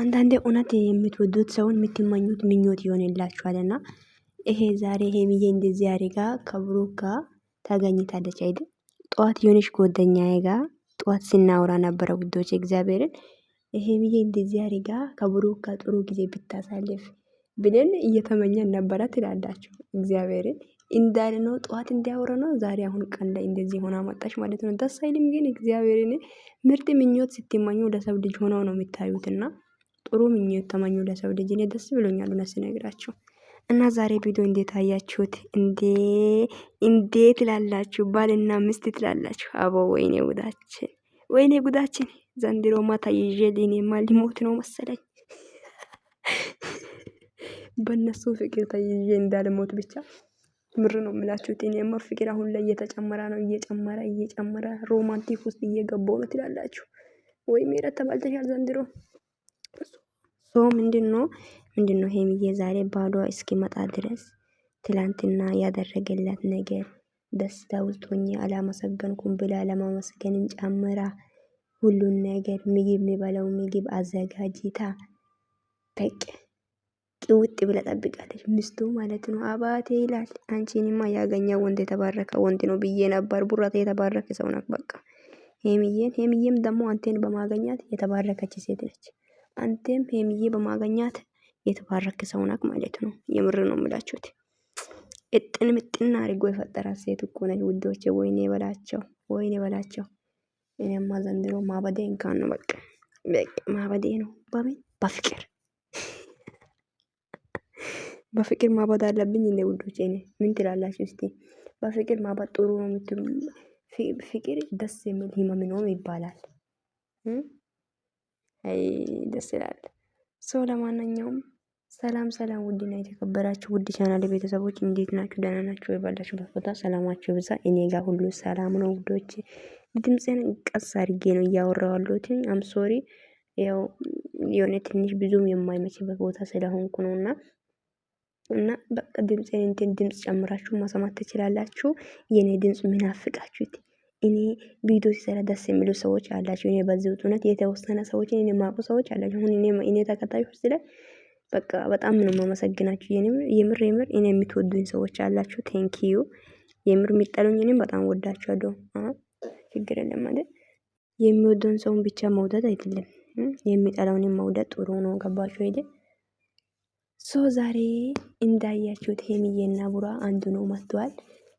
አንዳንዴ እውነት የምትወዱት ሰውን የምትመኙት ምኞት ይሆንላችኋልና ይሄ ዛሬ ሄሚዬ እንደዚህ አድርጋ ከብሩክ ጋር ታገኝታለች አይደል? ጠዋት የሆነች ጓደኛዬ ጋር ጠዋት ስናወራ ነበረ ውዶች። እግዚአብሔርን ሄሚዬ እንደዚህ አድርጋ ከብሩክ ጋር ጥሩ ጊዜ ብታሳልፍ ብለን እየተመኘን ነበረ ትላላችሁ። እግዚአብሔርን እንዳለ ነው። ጠዋት እንዲያወረ ነው። ዛሬ አሁን ቀን ላይ እንደዚህ ሆና መጣች ማለት ነው። ደስ አይልም? ግን እግዚአብሔርን ምርጥ ምኞት ስትመኙ ለሰው ልጅ ሆነው ነው የሚታዩትና ጥሩ ምኞት ተመኙ ለሰው ልጅ። እኔ ደስ ብሎኛል እውነት ስነግራችሁ እና ዛሬ ቪዲዮ እንዴት አያችሁት? እንዴ እንዴት ትላላችሁ? ባልና ምስት ትላላችሁ። አቦ ወይኔ ጉዳችን፣ ወይኔ ጉዳችን። ማታ ተይዤ ማ ሊሞት ነው መሰለኝ። በእነሱ ፍቅር ተይዤ እንዳልሞት ብቻ ምር ነው የምላችሁት። እኔማ ፍቅር አሁን ላይ እየተጨመረ ነው፣ እየጨመረ እየጨመረ ሮማንቲክ ውስጥ እየገባው ነው ትላላችሁ ወይ? ሜረት ተባልተሻል ዘንድሮ ሶ ምንድነው ምንድነው ምንድን ነው ሄሚዬ ዛሬ ባሏ እስኪመጣ ድረስ ትላንትና ያደረገላት ነገር ደስታ ውስጥ ሆኜ አላመሰገንኩም ብላ ለማመስገንን ጨምራ ሁሉን ነገር ምግብ የሚበላው ምግብ አዘጋጅታ በቅ ቅውጥ ብላ ጠብቃለች። ሚስቱ ማለት ነው። አባቴ ይላል አንቺንማ ያገኘ ወንድ የተባረከ ወንድ ነው ብዬ ነበር። ቡራቴ የተባረከ ሰው ነው። በቃ ሄሚዬን ሄሚዬም ደግሞ አንቴን በማገኛት የተባረከች ሴት ነች። አንተም ሄምዬ በማገኛት የተባረክ ሰው ናት ማለት ነው። የምር ነው የምላችሁት። እጥን ምጥና አድርጎ የፈጠራት ሴት እኮ ነች ውዶቼ። ወይኔ በላቸው፣ ወይኔ በላቸው። እኔማ ዘንድሮ ማበዴ እንኳን ነው በቃ በቃ ማበዴ ነው። በምን በፍቅር በፍቅር ማበድ አለብኝ እንደ ውዶቼ። እኔ ምን ትላላችሁ እስቲ? በፍቅር ማበድ ጥሩ ነው የምትሉ ፍቅር ደስ የሚል ህመም ነው ይባላል። አይ ደስ ይላል። ሶ ለማንኛውም ሰላም ሰላም፣ ውድና የተከበራችሁ ውድ ቻናል ቤተሰቦች እንዴት ናችሁ? ደህና ናችሁ? የባላችሁበት ቦታ ሰላማችሁ ብዛ። እኔ ጋር ሁሉ ሰላም ነው ውዶች። ድምፅን ቀስ አድርጌ ነው እያወራሁ ያለሁት። አም ሶሪ ያው የሆነ ትንሽ ብዙም የማይመችበት ቦታ ስለሆንኩ ነው እና እና በቃ ድምፄን እንትን ድምፅ ጨምራችሁ ማሰማት ትችላላችሁ። የእኔ ድምፅ ምናፍቃችሁት እኔ ቪዲዮ ሲሰራ ደስ የሚሉ ሰዎች አላቸው። እኔ በዚህ ውጥነት የተወሰነ ሰዎችን እኔ ማቁ ሰዎች አላቸው። አሁን እኔ ተከታዮች ስለ በቃ በጣም ነው ማመሰግናችሁ። የምር የምር እኔ የምትወዱኝ ሰዎች አላችሁ። ቴንክ ዩ የምር የሚጠሉኝ እኔም በጣም ወዳችኋለሁ። ችግር የለም ማለት የሚወደውን ሰውን ብቻ መውደድ አይደለም፣ የሚጠላውንም መውደድ ጥሩ ነው። ገባችሁ ሄደ ሶ ዛሬ እንዳያችሁት ሄሚዬና ቡራ አንዱ ነው መጥተዋል።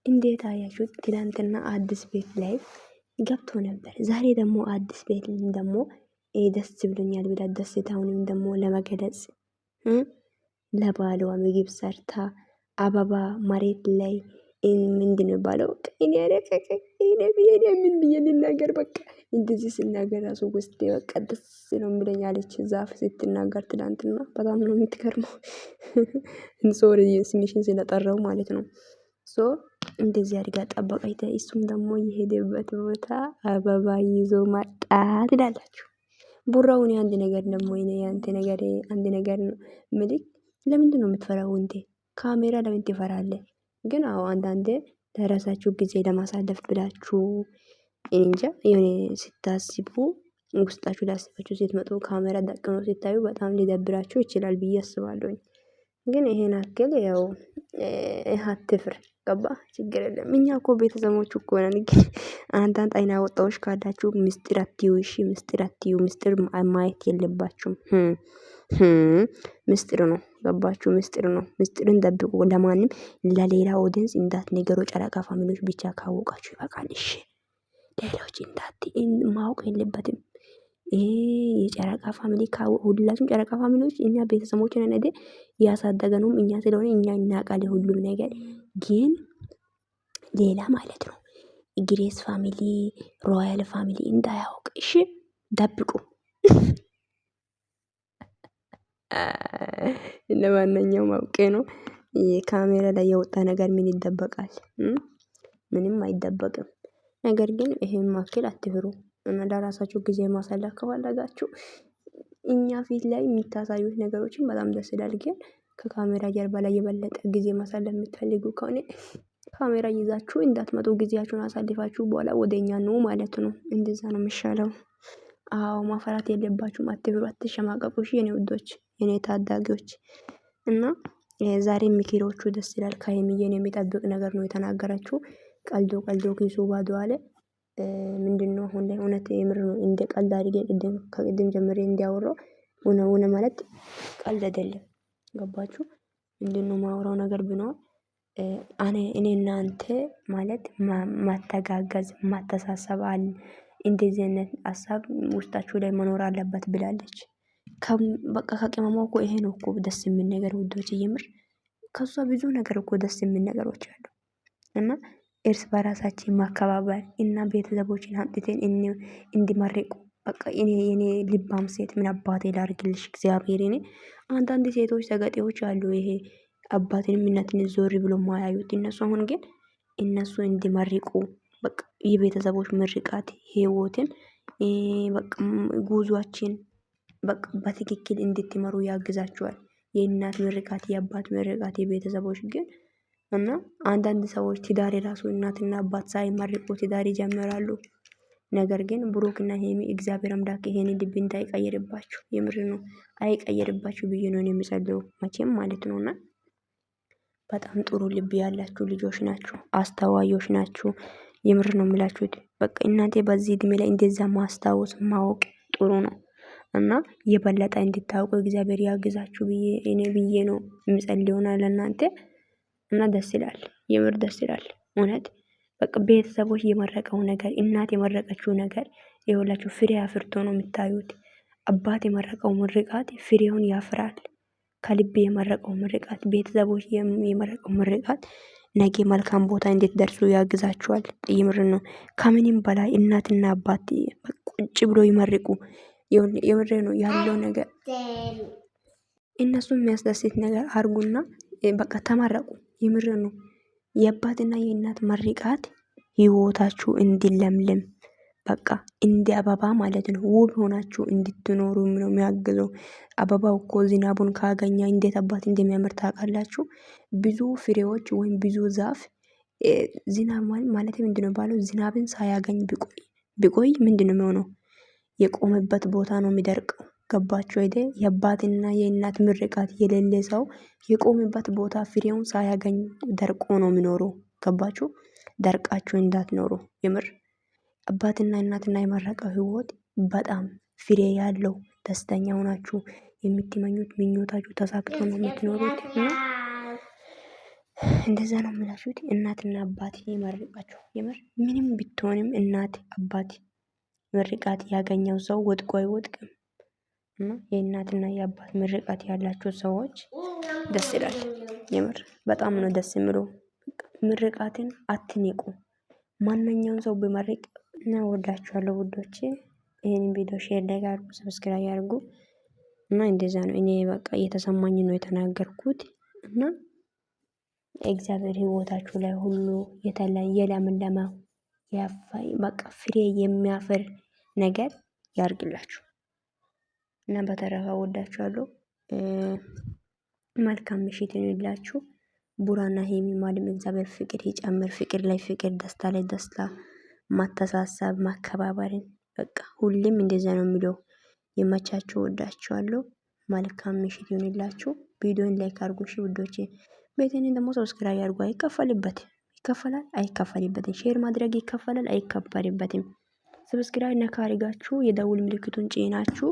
እንዴት አያችሁት? ትላንትና አዲስ ቤት ላይ ገብቶ ነበር። ዛሬ ደግሞ አዲስ ቤት ደግሞ ደስ ብሎኛል ብላ ደስታውንም ደግሞ ለመገለጽ ለባሏ ምግብ ሰርታ አበባ መሬት ላይ ምንድን ባለው ቀይኔ ያደቀቀ ምን ብዬ ልናገር? በቃ እንደዚህ ስናገር ራሱ ውስጥ በቃ ደስ ነው የሚለኝ አለች። ዛፍ ስትናገር ትላንትና በጣም ነው የምትገርመው። ሶሪ ስሜሽን ስለጠራው ማለት ነው ሶ እንደዚህ አድጋ ጠበቀች። እሱም ደግሞ የሄደበት ቦታ አበባ ይዞ መጣ ትላላችሁ። ቡራውን አንድ ነገር ደግሞ አንተ ነገር አንድ ነገር ምልክ። ለምንድን ነው የምትፈራው እንዴ? ካሜራ ለምን ትፈራለ? ግን አዎ አንዳንዴ ለራሳችሁ ጊዜ ለማሳለፍ ብላችሁ እንጃ የሆነ ስታስቡ ውስጣችሁ ላስባችሁ ስትመጡ ካሜራ ደቅኖ ሲታዩ በጣም ሊደብራችሁ ይችላል ብዬ አስባለሁኝ። ግን ይሄን አክል ያው አትፍር አስገባ ችግር የለም። እኛ እኮ ቤተሰቦች እኮ ነን። ግን አንዳንድ አይና ወጣዎች ካላችሁ ምስጢር አትዩ። እሺ ምስጢር አትዩ። ምስጢር ማየት የለባችሁም። ምስጢር ነው ገባችሁ? ምስጢር ነው። ምስጢርን ጠብቁ። ለማንም ለሌላ ኦዲንስ እንዳት ነገሮ ጨረቃ ፋሚሊዎች ብቻ ካወቃችሁ ይበቃል። እሺ ሌሎች እንዳት ማወቅ የለበትም። የጨረቃ ፋሚሊ ሁላችሁም ጨረቃ ፋሚሊዎች እኛ ቤተሰቦችን ነደ ነው እኛ ስለሆነ እኛ እናቃለ ሁሉም ነገር ግን ሌላ ማለት ነው። ግሬስ ፋሚሊ ሮያል ፋሚሊ እንዳያውቅ እሺ፣ ደብቁ። ለማንኛውም አውቄ ነው የካሜራ ላይ የወጣ ነገር ምን ይደበቃል? ምንም አይደበቅም። ነገር ግን ይሄን ማክል አትፍሩ። ለራሳችሁ ጊዜ ማሳለፍ ከፈለጋችሁ እኛ ፊት ላይ የሚታሳዩት ነገሮችን በጣም ደስ ይላል። ግን ከካሜራ ጀርባ ላይ የበለጠ ጊዜ ማሳለፍ የምትፈልጉ ከሆነ ካሜራ ይዛችሁ እንዳትመጡ፣ ጊዜያችሁን አሳልፋችሁ በኋላ ወደ እኛ ኑ ማለት ነው። እንደዛ ነው የሚሻለው። አዎ ማፈራት የለባችሁም። አትብሩ፣ አትሸማቀቁ። እሺ የኔ ውዶች፣ የኔ ታዳጊዎች እና ዛሬ ምክሮቹ ደስ ይላል። ከሀይሚዬን የሚጠብቅ ነገር ነው የተናገረችው። ቀልዶ ቀልዶ ኪሱ ባዶ አለ። ምንድነው አሁን ላይ እውነት የምር ነው እንደ ቀልድ አድርጌ ቅድም ከቅድም ጀምሬ እንዲያወራው ሆነ ሆነ ማለት ቀልድ አይደለም። ገባችሁ? ምንድነው ማውራው ነገር ብኖር እኔ እኔ እናንተ ማለት ማተጋገዝ ማተሳሰብ አለ እንደዚህ አይነት ሀሳብ ውስጣችሁ ላይ መኖር አለበት ብላለች። በቃ ከቅመማ እኮ ይሄ ነው እኮ ደስ የሚል ነገር ውዶች እየምር ከሷ ብዙ ነገር እኮ ደስ የሚል ነገሮች አሉ። እና እርስ በራሳችን ማከባበር እና ቤተሰቦችን አምጥተን እንዲመርቁ በቃ እኔ የኔ ልባም ሴት ምን አባቴ ላርግልሽ እግዚአብሔር። እኔ አንዳንድ ሴቶች ሰገጤዎች አሉ፣ ይሄ አባቴን ምነትን ዞር ብሎ ማያዩት እነሱ። አሁን ግን እነሱ እንዲመርቁ በቃ የቤተሰቦች ምርቃት ህይወትን በቃ ጉዟችን በቃ በትክክል እንድትመሩ ያግዛቸዋል። የእናት ምርቃት፣ የአባት ምርቃት፣ የቤተሰቦች ግን እና አንዳንድ ሰዎች ትዳር የራሱ እናትና አባት ሳይመርቁ ትዳር ይጀምራሉ። ነገር ግን ብሩክና ሄሚ እግዚአብሔር አምላክ ይሄን ልብ እንዳይቀይርባችሁ የምር ነው አይቀይርባችሁ ብዬ ነው የሚጸልየው መቼም ማለት ነውና በጣም ጥሩ ልብ ያላችሁ ልጆች ናችሁ፣ አስተዋዮች ናችሁ። የምር ነው የሚላችሁት። በቃ እናንተ በዚህ እድሜ ላይ እንደዛ ማስታወስ ማወቅ ጥሩ ነው እና የበለጠ እንድታውቁ እግዚአብሔር ያግዛችሁ ብዬ እኔ ብዬ ነው የምጸልየውና ለእናንተ እና ደስ ይላል። የምር ደስ ይላል። እውነት በቃ ቤተሰቦች የመረቀው ነገር እናት የመረቀችው ነገር የሁላችሁ ፍሬ አፍርቶ ነው የምታዩት። አባት የመረቀው ምርቃት ፍሬውን ያፍራል። ከልቤ የመረቀው ምርቃት ቤተሰቦች የመረቀው ምርቃት ነገ መልካም ቦታ እንዴት ደርሱ ያግዛቸዋል። የምር ነው። ከምንም በላይ እናትና አባት ቁጭ ብሎ ይመርቁ። የምር ነው ያለው ነገር እነሱ የሚያስደስት ነገር አርጉና በቃ ተመረቁ። የምር ነው። የአባትና የእናት መርቃት ህይወታችሁ እንዲለምልም በቃ እንደ አበባ ማለት ነው ውብ ሆናችሁ እንድትኖሩ ነው የሚያግዘው። አበባው እኮ ዝናቡን ካገኘ እንዴት አባት እንደሚያምር ታውቃላችሁ? ብዙ ፍሬዎች ወይም ብዙ ዛፍ ዝናብ ማለት ምንድነው ባለው ዝናብን ሳያገኝ ቢቆይ ቢቆይ ምንድነው የሚሆነው? የቆመበት ቦታ ነው የሚደርቀው ገባችሁ አይደ የአባትና የእናት ምርቃት የሌለ ሰው የቆመበት ቦታ ፍሬውን ሳያገኝ ደርቆ ነው የሚኖሩ። ገባችሁ? ደርቃችሁ እንዳትኖሩ የምር አባትና እናትና የመረቀው ህይወት በጣም ፍሬ ያለው ደስተኛ ሆናችሁ የምትመኙት ምኞታችሁ ተሳክቶ ነው የምትኖሩት እንደዛ ነው የምላችሁት። እናትና አባት ይመርቃችሁ። የምር ምንም ብትሆንም እናት አባት ምርቃት ያገኘው ሰው ወጥቆ አይወጥቅም። እና የእናትና የአባት ምርቃት ያላቸው ሰዎች ደስ ይላል። የምር በጣም ነው ደስ የሚለው። ምርቃትን አትንቁ። ማንኛውም ሰው ቢመርቅ እና ወዳችኋለሁ ውዶች። ይህን ቪዲዮ ሼር ላይ አድርጉ፣ ሰብስክራይብ አድርጉ እና እንደዛ ነው። እኔ በቃ እየተሰማኝ ነው የተናገርኩት እና እግዚአብሔር ህይወታችሁ ላይ ሁሉ የተለየ ለምለማ በቃ ፍሬ የሚያፈር ነገር ያርግላችሁ። እና በተረፈ ወዳችኋለሁ። መልካም ምሽት ይሁንላችሁ። ቡራና ሄሚ ማለም እግዚአብሔር ፍቅር ይጨምር። ፍቅር ላይ ፍቅር፣ ደስታ ላይ ደስታ፣ ማተሳሰብ፣ ማከባበርን በቃ ሁሌም እንደዚያ ነው የሚለው። የመቻችሁ ወዳችኋለሁ። መልካም ምሽት ይሁንላችሁ። ቪዲዮን ላይክ አድርጉ እሺ ውዶቼ። ቤቴንን ደግሞ ሰብስክራይብ አድርጉ። አይከፈልበት ይከፈላል አይከፈልበትም። ሼር ማድረግ ይከፈላል አይከፈልበትም። ሰብስክራይብ ነካ አድርጋችሁ የደውል ምልክቱን ጭናችሁ